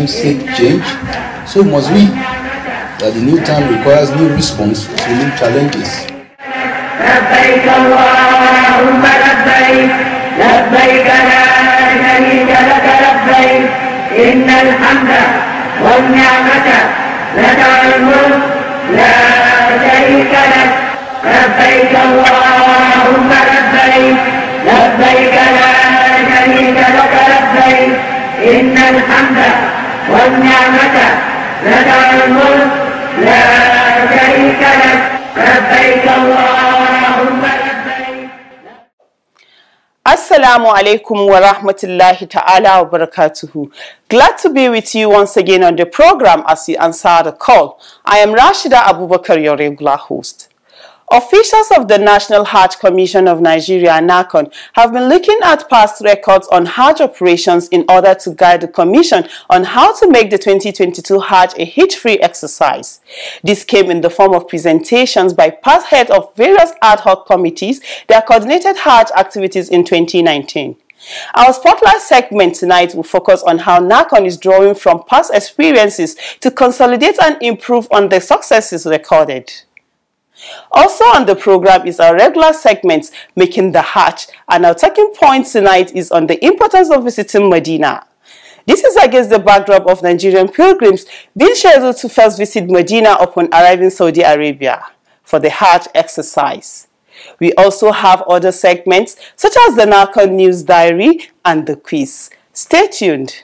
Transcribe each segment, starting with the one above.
times seek change, so must we, that the new time requires new response to new challenges. لبيك اللهم لبيك لبيك لا شريك لك لبيك إن الحمد والنعمة لك الملك لا شريك لك لبيك اللهم لبيك لبيك لا شريك لك لبيك إن الحمد والنعمة لك الملك لا شريك لك لبيك اللهم Assalamu alaikum wa rahmatullahi ta'ala wa barakatuhu. Glad to be with you once again on the program as you answer the call. I am Rashida Abubakar, your regular host. Officials of the National Hajj Commission of Nigeria, NACON, have been looking at past records on Hajj operations in order to guide the Commission on how to make the 2022 Hajj a hitch-free exercise. This came in the form of presentations by past heads of various ad hoc committees that coordinated Hajj activities in 2019. Our spotlight segment tonight will focus on how NACON is drawing from past experiences to consolidate and improve on the successes recorded. Also on the program is our regular segment, Making the Hatch, and our talking point tonight is on the importance of visiting Medina. This is against the backdrop of Nigerian pilgrims being scheduled to first visit Medina upon arriving Saudi Arabia for the Hajj exercise. We also have other segments such as the Narcon News Diary and the quiz. Stay tuned.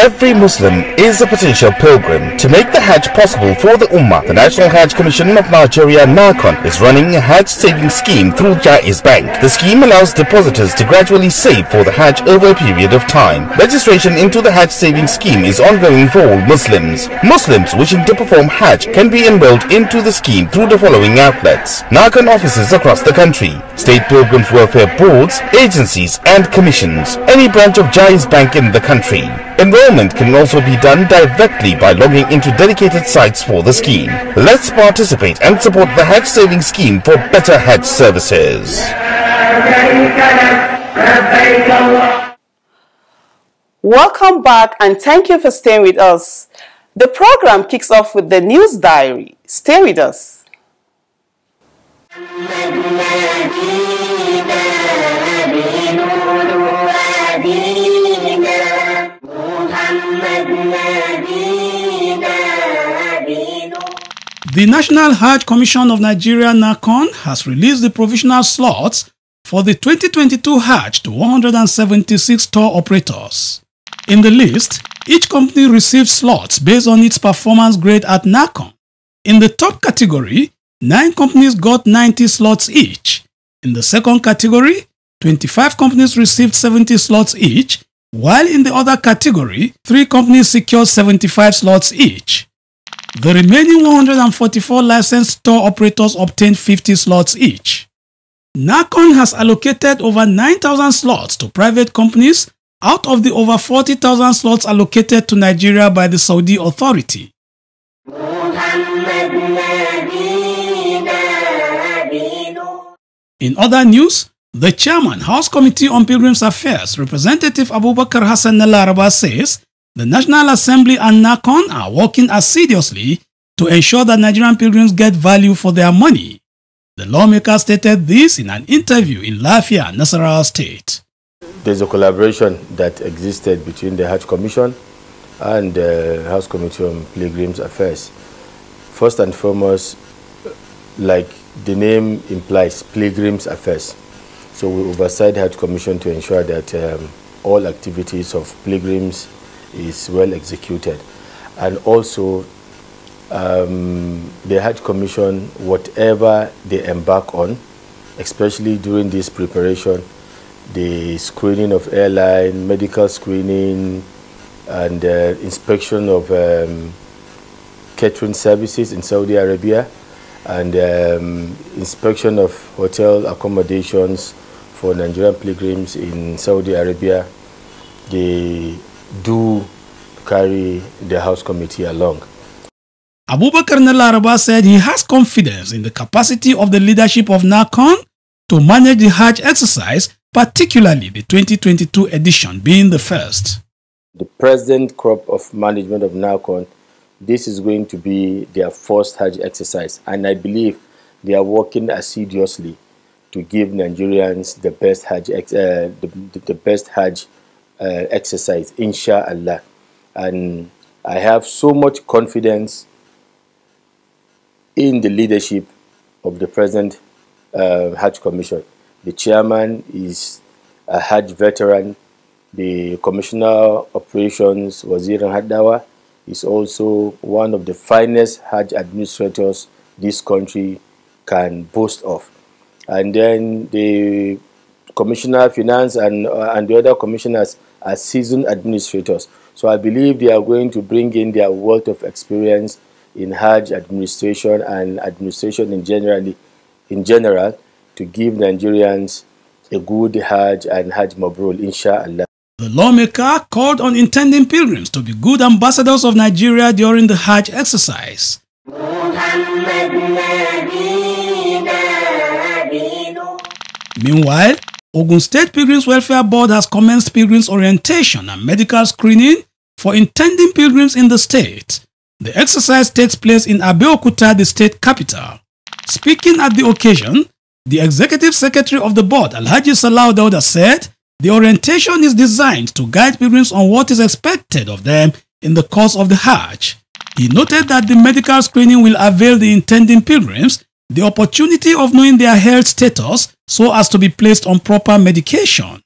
Every Muslim is a potential pilgrim. To make the Hajj possible for the Ummah, the National Hajj Commission of Nigeria, NARCON, is running a Hajj saving scheme through Jaiz Bank. The scheme allows depositors to gradually save for the Hajj over a period of time. Registration into the Hajj saving scheme is ongoing for all Muslims. Muslims wishing to perform Hajj can be enrolled into the scheme through the following outlets. NARCON offices across the country, state pilgrims welfare boards, agencies and commissions, any branch of Jai's Bank in the country. Enrollment can also be done directly by logging into dedicated sites for the scheme. Let's participate and support the Hatch Saving Scheme for better Hatch services. Welcome back and thank you for staying with us. The program kicks off with the news diary. Stay with us. نبينا محمد نبينا The National Hajj Commission of Nigeria NACON has released the provisional slots for the 2022 Hajj to 176 tour operators. In the list, each company received slots based on its performance grade at NACON. In the top category, 9 companies got 90 slots each. In the second category, 25 companies received 70 slots each, while in the other category, 3 companies secured 75 slots each. The remaining 144 licensed store operators obtained 50 slots each. NACON has allocated over 9,000 slots to private companies out of the over 40,000 slots allocated to Nigeria by the Saudi authority. In other news, the chairman, House Committee on Pilgrims Affairs, Representative Abubakar Hassan Nelaraba says the National Assembly and NACON are working assiduously to ensure that Nigerian pilgrims get value for their money. The lawmaker stated this in an interview in Lafia, Nasarawa State. There's a collaboration that existed between the House Commission and the House Committee on Pilgrims Affairs. First and foremost, like the name implies, Pilgrims Affairs so we oversight that commission to ensure that um, all activities of pilgrims is well executed. And also, um, the health Commission, whatever they embark on, especially during this preparation, the screening of airline, medical screening, and uh, inspection of um, catering services in Saudi Arabia, and um, inspection of hotel accommodations, for Nigerian pilgrims in Saudi Arabia, they do carry the House Committee along. Abubakar Nalaraba said he has confidence in the capacity of the leadership of NACON to manage the Hajj exercise, particularly the 2022 edition being the first. The present crop of management of NACON, this is going to be their first Hajj exercise, and I believe they are working assiduously to give Nigerians the best Hajj, uh, the, the, best Hajj uh, exercise, inshallah. And I have so much confidence in the leadership of the present uh, Hajj Commission. The chairman is a Hajj veteran. The Commissioner Operations, Wazir Hadawa, is also one of the finest Hajj administrators this country can boast of and then the commissioner finance and uh, and the other commissioners are seasoned administrators. So I believe they are going to bring in their wealth of experience in Hajj administration and administration in generally in general to give Nigerians a good Hajj and Hajj Mabrul, inshallah. The lawmaker called on intending pilgrims to be good ambassadors of Nigeria during the Hajj exercise. Muhammad Meanwhile, Ogun State Pilgrims Welfare Board has commenced pilgrims orientation and medical screening for intending pilgrims in the state. The exercise takes place in Abeokuta, the state capital. Speaking at the occasion, the executive secretary of the board, Alhaji Salau Dauda, said the orientation is designed to guide pilgrims on what is expected of them in the course of the Hajj. He noted that the medical screening will avail the intending pilgrims the opportunity of knowing their health status so as to be placed on proper medication.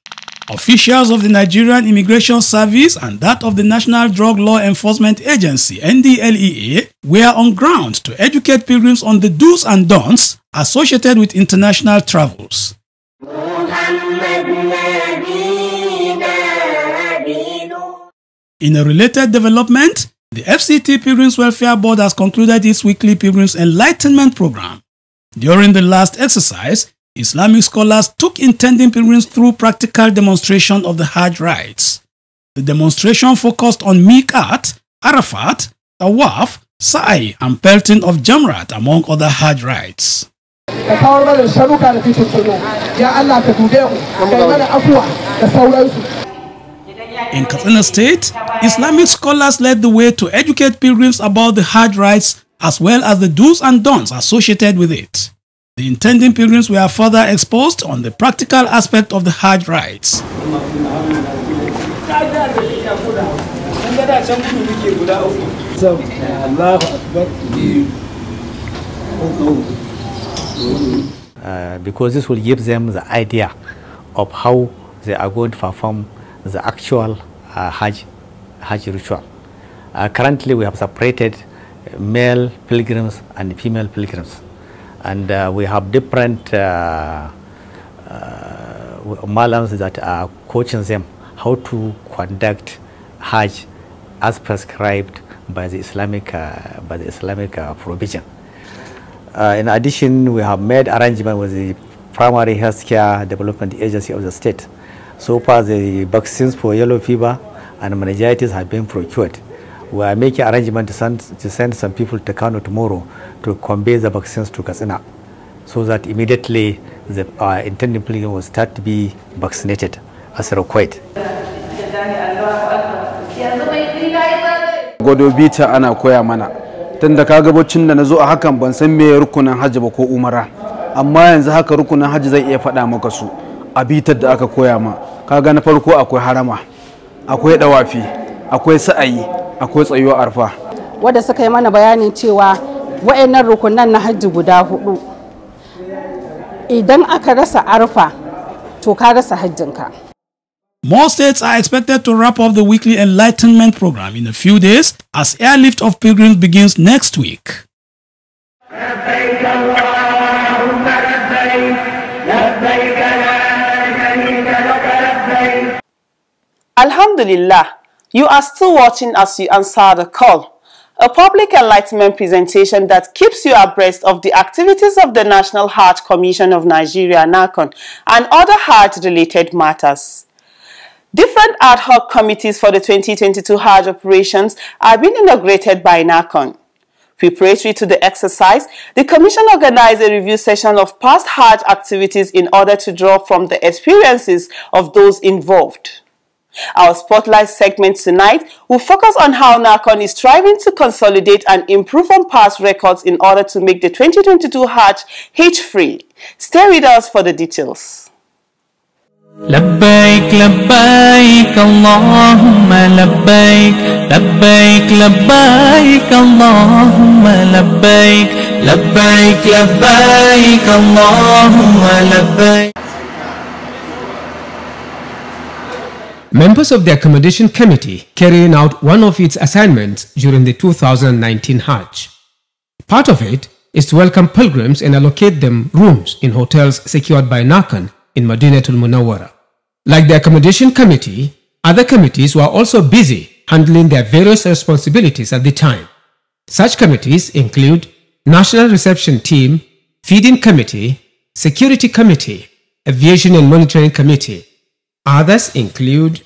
Officials of the Nigerian Immigration Service and that of the National Drug Law Enforcement Agency NDLEA were on ground to educate pilgrims on the do's and don'ts associated with international travels. In a related development, the FCT Pilgrims Welfare Board has concluded its weekly Pilgrims Enlightenment Program. During the last exercise, Islamic scholars took intending pilgrims through practical demonstration of the Hajj rites. The demonstration focused on Mikat, Arafat, Tawaf, Sa'i, and pelting of Jamrat, among other Hajj rites. In Katsina State, Islamic scholars led the way to educate pilgrims about the hard rites as well as the do's and don'ts associated with it. The intending pilgrims were further exposed on the practical aspect of the Hajj rites. Uh, because this will give them the idea of how they are going to perform the actual uh, Hajj, Hajj ritual. Uh, currently, we have separated male pilgrims and female pilgrims. And uh, we have different uh, uh malams that are coaching them how to conduct Hajj as prescribed by the Islamic, uh, by the Islamic uh, provision. in addition, we have made arrangement with the primary healthcare development agency of the state. So far, the vaccines for yellow fever and meningitis have been procured. we are making arrangement to send, to send some people to Kano tomorrow to convey the vaccines to Katsina so that immediately the uh, intended people will start to be vaccinated as required. Gwado bita ana koya mana tun da kaga baccin da na zo a hakan ban san me rukunin hajji ba ko umara amma yanzu haka rukunin hajji zai iya faɗa maka su a bitar da aka koya ma kaga na farko akwai harama akwai dawafi akwai sa'ayi akwai tsayuwa arfa wadda suka yi mana bayanin cewa wa'annan rukunan na hajji guda hudu idan aka rasa arfa to ka rasa hajjinka More states are expected to wrap up the weekly enlightenment program in a few days as airlift of pilgrims begins next week. Alhamdulillah You are still watching as you answer the call, a public enlightenment presentation that keeps you abreast of the activities of the National Heart Commission of Nigeria, NACON, and other heart-related matters. Different ad hoc committees for the 2022 Hajj operations are being inaugurated by NACON. Preparatory to the exercise, the Commission organized a review session of past Hajj activities in order to draw from the experiences of those involved. Our spotlight segment tonight will focus on how NARCON is striving to consolidate and improve on past records in order to make the 2022 Hajj H-free. Stay with us for the details. لبيك لبيك اللهم لبيك لبيك لبيك اللهم لبيك لبيك لبيك اللهم لبيك members of the accommodation committee carrying out one of its assignments during the 2019 Hajj. Part of it is to welcome pilgrims and allocate them rooms in hotels secured by Nakan in Madinatul Munawara. Like the accommodation committee, other committees were also busy handling their various responsibilities at the time. Such committees include National Reception Team, Feeding Committee, Security Committee, Aviation and Monitoring Committee, Others include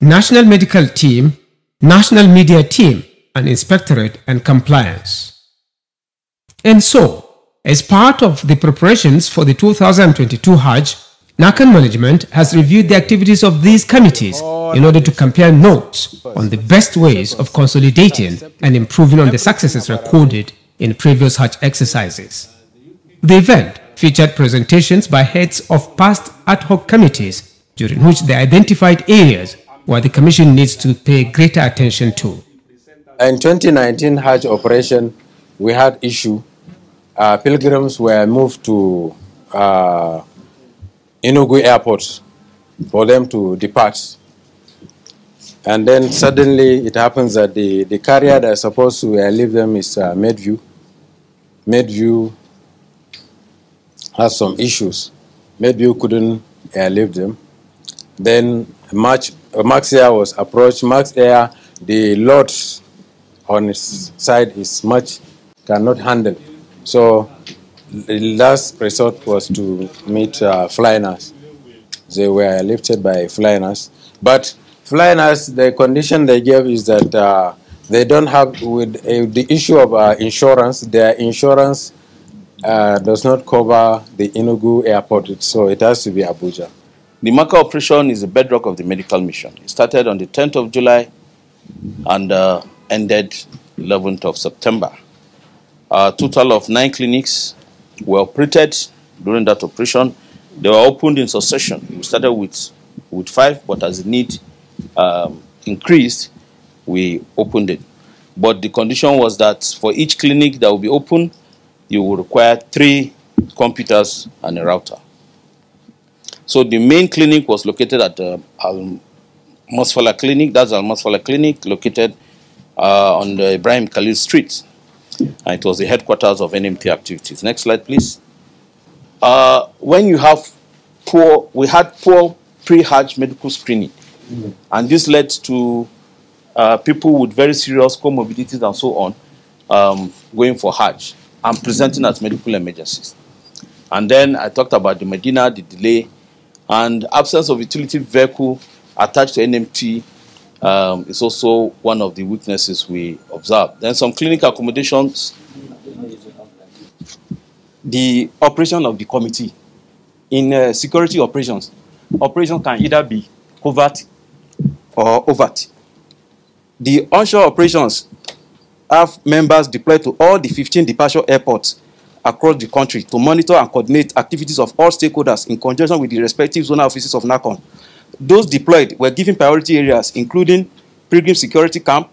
National Medical Team, National Media Team, and Inspectorate and Compliance. And so, as part of the preparations for the 2022 Hajj, NACAN management has reviewed the activities of these committees in order to compare notes on the best ways of consolidating and improving on the successes recorded in previous Hajj exercises. The event featured presentations by heads of past ad hoc committees during which the identified areas where the Commission needs to pay greater attention to. In 2019 Hajj operation, we had issue. Uh, pilgrims were moved to uh, Airport for them to depart. And then suddenly it happens that the, the carrier that's supposed to uh, leave them is uh, Medview. Medview has some issues. Medview couldn't uh, leave them. Then Max, Max Air was approached. Max Air, the load on its side is much, cannot handle. So the last resort was to meet uh, flyers. They were lifted by flyers. But flyers, the condition they gave is that uh, they don't have, with uh, the issue of uh, insurance, their insurance uh, does not cover the Inugu airport, so it has to be Abuja. The Maka operation is the bedrock of the medical mission. It started on the 10th of July and uh, ended 11th of September. A total of nine clinics were operated during that operation. They were opened in succession. We started with, with five, but as the need um, increased, we opened it. But the condition was that for each clinic that will be opened, you will require three computers and a router. So the main clinic was located at uh, Masfala Clinic, that's Al Masfala Clinic, located uh, on the Ibrahim Khalil Street. And it was the headquarters of NMT activities. Next slide, please. Uh, when you have poor, we had poor pre-Hajj medical screening. Mm -hmm. And this led to uh, people with very serious comorbidities and so on um, going for Hajj and presenting as medical emergencies. And then I talked about the Medina, the delay, and absence of utility vehicle attached to NMT um, is also one of the weaknesses we observe. Then some clinic accommodations. The operation of the committee in uh, security operations, operation can either be covert or overt. The onshore operations have members deployed to all the 15 departure airports across the country to monitor and coordinate activities of all stakeholders in conjunction with the respective zonal offices of NACON. Those deployed were given priority areas including Pilgrim Security Camp,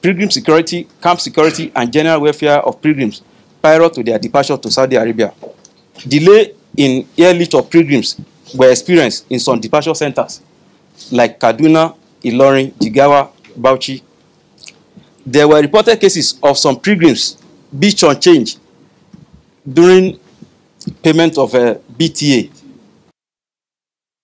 Pilgrim Security, Camp Security and General Welfare of Pilgrims prior to their departure to Saudi Arabia. Delay in airlift of pilgrims were experienced in some departure centers like Kaduna, Ilorin, Jigawa, Bauchi. There were reported cases of some pilgrims beach on change during payment of uh, a BTA.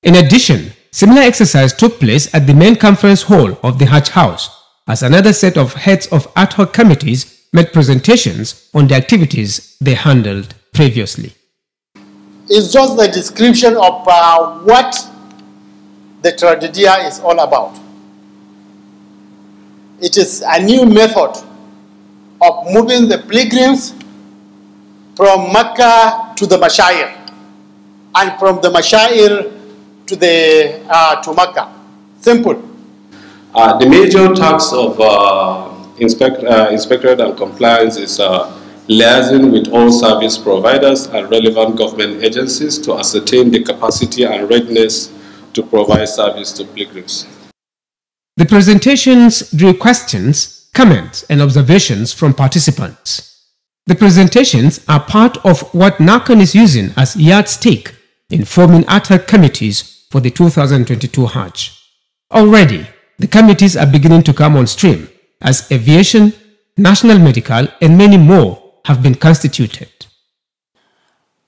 In addition, similar exercise took place at the main conference hall of the Hatch House as another set of heads of ad hoc committees made presentations on the activities they handled previously. It's just the description of uh, what the Tragedia is all about. It is a new method of moving the pilgrims from Mecca to the Mashair, and from the Mashair to the uh, to Mecca. Simple. Uh, the major tasks of uh, inspect, uh, inspectorate and compliance is uh, liaising with all service providers and relevant government agencies to ascertain the capacity and readiness to provide service to pilgrims. The presentations drew questions, comments, and observations from participants. The presentations are part of what NACAN is using as yardstick in forming ATAC committees for the 2022 Hajj. Already, the committees are beginning to come on stream as aviation, national medical, and many more have been constituted.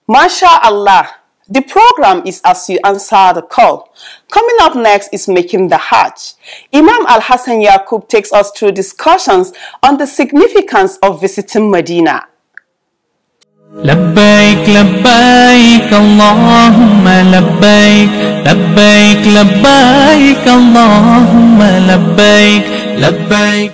Masha Allah, the program is As You Answer the Call. Coming up next is Making the Hajj. Imam Al Hassan Yaqub takes us through discussions on the significance of visiting Medina. لبيك لبيك اللهم لبيك لبيك لبيك اللهم لبيك لبيك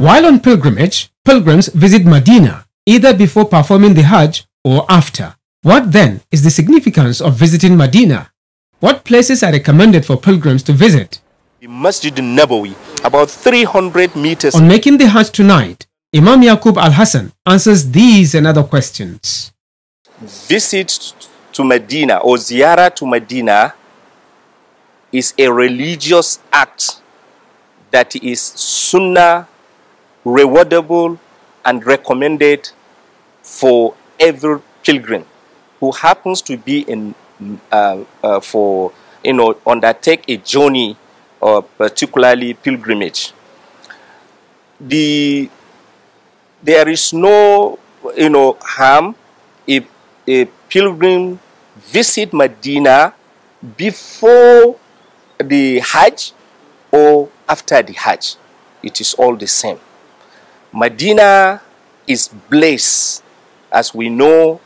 While on pilgrimage, pilgrims visit Medina either before performing the Hajj or after. What then is the significance of visiting Medina? What places are recommended for pilgrims to visit? Masjid Nabawi, about 300 meters. On making the Hajj tonight, Imam Yaqub Al Hassan answers these and other questions. Visit to Medina or ziyara to Medina is a religious act that is sunnah, rewardable, and recommended for every pilgrim who happens to be in uh, uh, for you know undertake a journey or uh, particularly pilgrimage. The there is no you know harm if a pilgrim visit Medina before the Hajj or after the Hajj. It is all the same. Medina is blessed as we know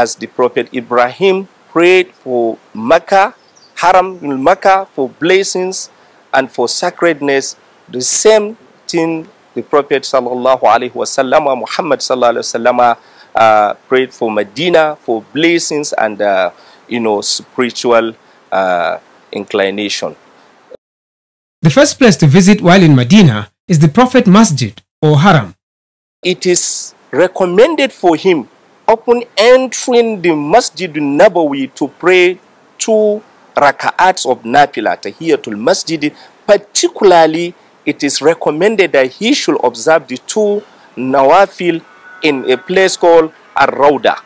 as the Prophet Ibrahim prayed for Mecca, Haram Mecca, for blessings and for sacredness, the same thing the Prophet sallallahu alaihi wasallam, Muhammad sallallahu alaihi wasallam, uh, prayed for Medina for blessings and uh, you know spiritual uh, inclination. The first place to visit while in Medina is the Prophet Masjid or Haram. It is recommended for him upon entering the Masjid Nabawi to pray two raka'ats of to tahiyatul masjid, particularly it is recommended that he should observe the two nawafil in a place called Ar-Rawda.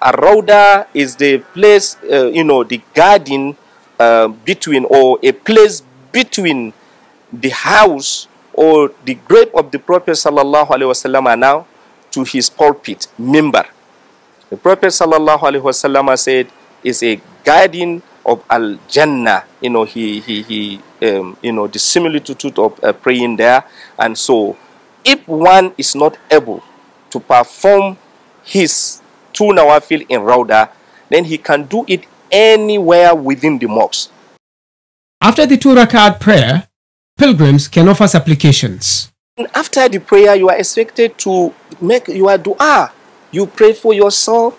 ar is the place, uh, you know, the garden uh, between or a place between the house or the grave of the Prophet sallallahu alaihi wasallam now to his pulpit, member. The Prophet sallallahu alaihi wasallam said, "Is a guardian of Al Jannah." You know, he he he. Um, you know, the similitude of uh, praying there, and so if one is not able to perform his two nawafil in Rauda, then he can do it anywhere within the mosque. After the two rakat prayer, pilgrims can offer supplications. after the prayer, you are expected to make your dua. You pray for yourself,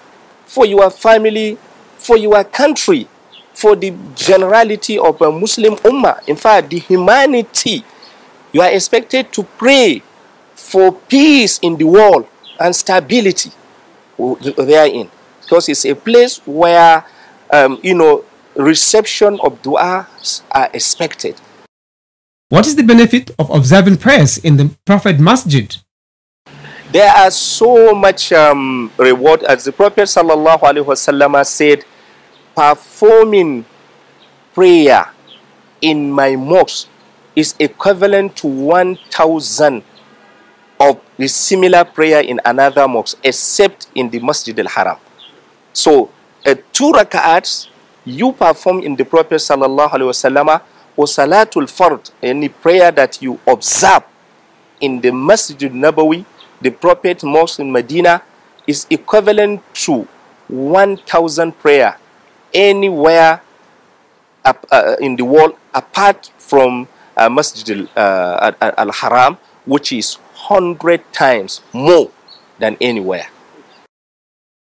for your family, for your country, for the generality of a Muslim ummah. In fact, the humanity. You are expected to pray for peace in the world and stability therein. Because it's a place where, um, you know, reception of du'as are expected. What is the benefit of observing prayers in the Prophet Masjid? There are so much um, reward as the Prophet sallallahu alaihi wasallam said, performing prayer in my mosque is equivalent to 1,000 of the similar prayer in another mosque, except in the Masjid al-Haram. So, uh, two rak'ats you perform in the Prophet sallallahu alaihi wasallam or salatul fard, any prayer that you observe in the Masjid nabawi the Prophet mosque in Medina is equivalent to 1,000 prayer anywhere up, uh, in the world apart from uh, Masjid al-Haram, uh, which is 100 times more than anywhere.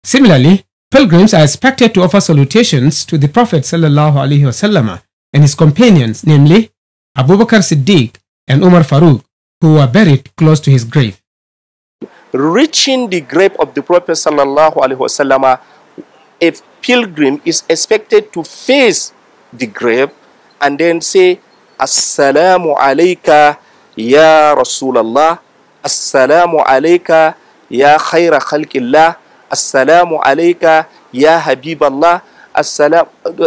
Similarly, pilgrims are expected to offer salutations to the Prophet wasallam and his companions, namely Abu Bakr Siddiq and Umar Farooq, who were buried close to his grave. reaching the grave of the Prophet sallallahu alaihi wasallam, a pilgrim is expected to face the grave and then say, Assalamu alayka ya Rasulallah, Assalamu alayka ya khaira khalqillah, Assalamu alayka ya Habiballah, Assalam,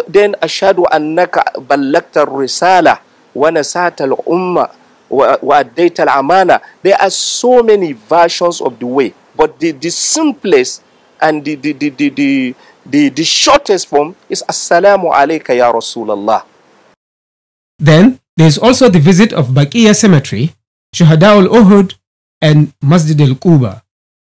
then ashadu annaka ballakta risala wa nasata al-umma وأديت الأمانة there are so many versions of the way but the, the simplest and the, the, the, the, the, the, the shortest form is Assalamu alayka ya Rasulallah. Then there is also the visit of Baqiya Cemetery, Shuhada al Uhud, and Masjid al Quba.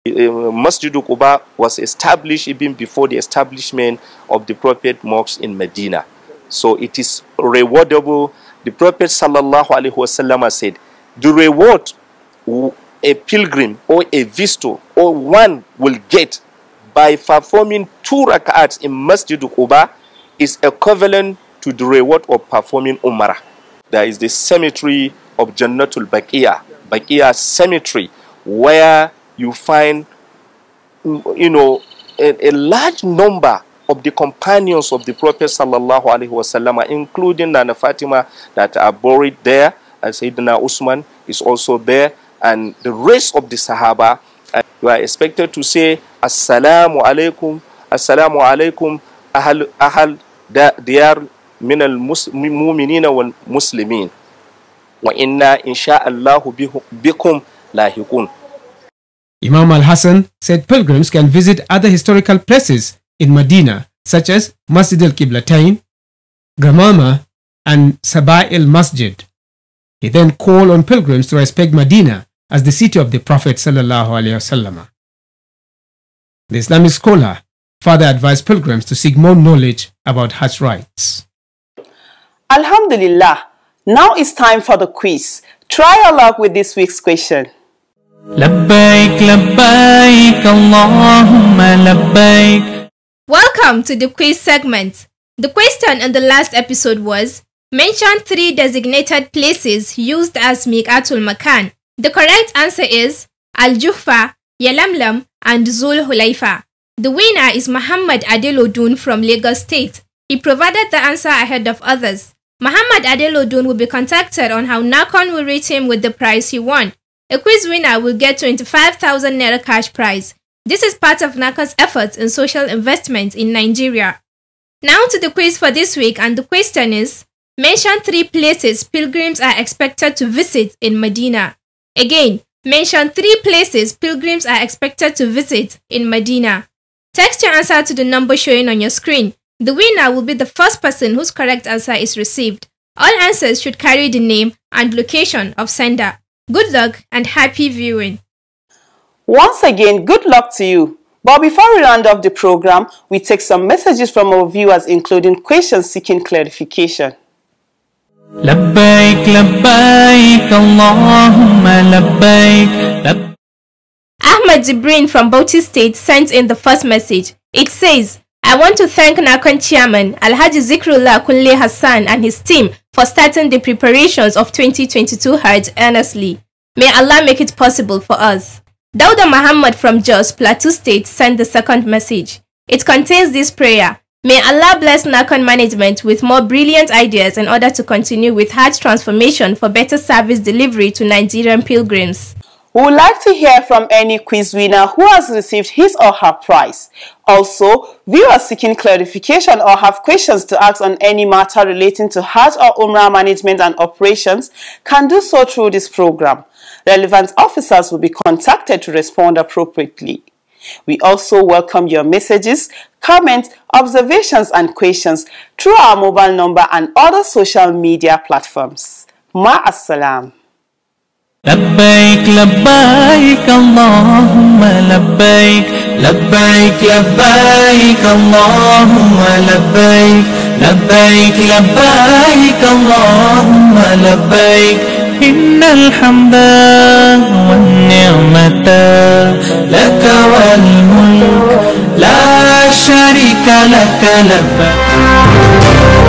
Um, Masjid al Quba was established even before the establishment of the Prophet Mosque in Medina. So it is rewardable the Prophet sallallahu alaihi wasallam said, "The reward a pilgrim or a visitor or one will get by performing two rak'ats in Masjid Quba is equivalent to the reward of performing Umrah." There is the cemetery of Jannatul Baqiyah, Baqiyah cemetery, where you find, you know, a, a large number of the companions of the Prophet sallallahu alaihi wasallam, including Nana Fatima that are buried there, and Sayyidina Usman is also there, and the rest of the Sahaba. And you are expected to say Assalamu alaikum, Assalamu alaikum, Ahal Ahal Diyar min al muminina wal muslimin wa inna inshaAllah Allahu bikum lahiqun. Imam Al Hassan said pilgrims can visit other historical places in Medina, such as Masjid al Qiblatain, Gramama, and Sabah al Masjid. He then called on pilgrims to respect Medina as the city of the Prophet. ﷺ. The Islamic scholar further advised pilgrims to seek more knowledge about Hajj rites. Alhamdulillah, now it's time for the quiz. Try your luck with this week's question. لبيك لبيك اللهم لبيك Welcome to the quiz segment. The question in the last episode was Mention three designated places used as atul Makan. The correct answer is Al Jufa, Yalamlam, and Zul Hulaifa. The winner is Muhammad Adelodun from Lagos State. He provided the answer ahead of others. Muhammad Adelodun will be contacted on how Nakon will reach him with the prize he won. A quiz winner will get 25,000 Naira cash prize. This is part of NACA's efforts in social investment in Nigeria. Now to the quiz for this week, and the question is Mention three places pilgrims are expected to visit in Medina. Again, mention three places pilgrims are expected to visit in Medina. Text your answer to the number showing on your screen. The winner will be the first person whose correct answer is received. All answers should carry the name and location of sender. Good luck and happy viewing. Once again, good luck to you. But before we round off the program, we take some messages from our viewers, including questions seeking clarification. لبيك لبيك Ahmed Jibrin from Bauchi State sent in the first message. It says, I want to thank Nakan Chairman Alhaji Zikrullah Kunle Hassan and his team for starting the preparations of 2022 Hajj earnestly. May Allah make it possible for us. Dauda Muhammad from Jos, Plateau State sent the second message. It contains this prayer. May Allah bless Nakon management with more brilliant ideas in order to continue with hard transformation for better service delivery to Nigerian pilgrims. We would like to hear from any quiz winner who has received his or her prize. Also, viewers seeking clarification or have questions to ask on any matter relating to Hajj or Umrah management and operations can do so through this program. Relevant officers will be contacted to respond appropriately. We also welcome your messages, comments, observations and questions through our mobile number and other social media platforms. Ma assalam. لبيك لبيك اللهم لبيك لبيك لبيك اللهم لبيك لبيك لبيك اللهم لبيك إن الحمد والنعمة لك والملك لا شريك لك لبيك